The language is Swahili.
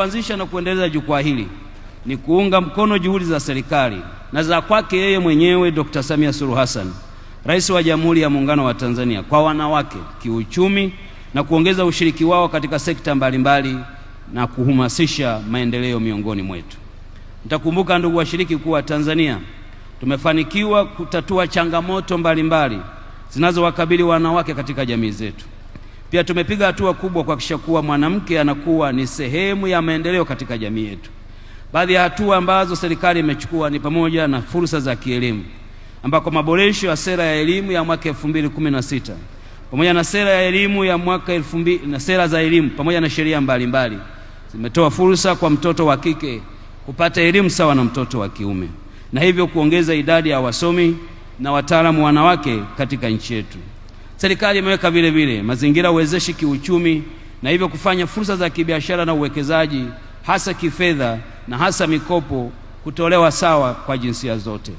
Kuanzisha na kuendeleza jukwaa hili ni kuunga mkono juhudi za serikali na za kwake yeye mwenyewe Dr. Samia Suluhu Hassan, Rais wa Jamhuri ya Muungano wa Tanzania, kwa wanawake kiuchumi na kuongeza ushiriki wao katika sekta mbalimbali mbali na kuhamasisha maendeleo miongoni mwetu. Mtakumbuka ndugu washiriki, kuwa Tanzania tumefanikiwa kutatua changamoto mbalimbali zinazowakabili wanawake katika jamii zetu. Pia tumepiga hatua kubwa kuhakikisha kuwa mwanamke anakuwa ni sehemu ya maendeleo katika jamii yetu. Baadhi ya hatua ambazo serikali imechukua ni pamoja na fursa za kielimu, ambako maboresho ya sera ya elimu ya mwaka sita pamoja na sera ya elimu ya mwaka mbili na sera za elimu pamoja na sheria mbalimbali zimetoa fursa kwa mtoto wa kike kupata elimu sawa na mtoto wa kiume na hivyo kuongeza idadi ya wasomi na wataalamu wanawake katika nchi yetu. Serikali imeweka vile vile mazingira wezeshi kiuchumi na hivyo kufanya fursa za kibiashara na uwekezaji hasa kifedha na hasa mikopo kutolewa sawa kwa jinsia zote.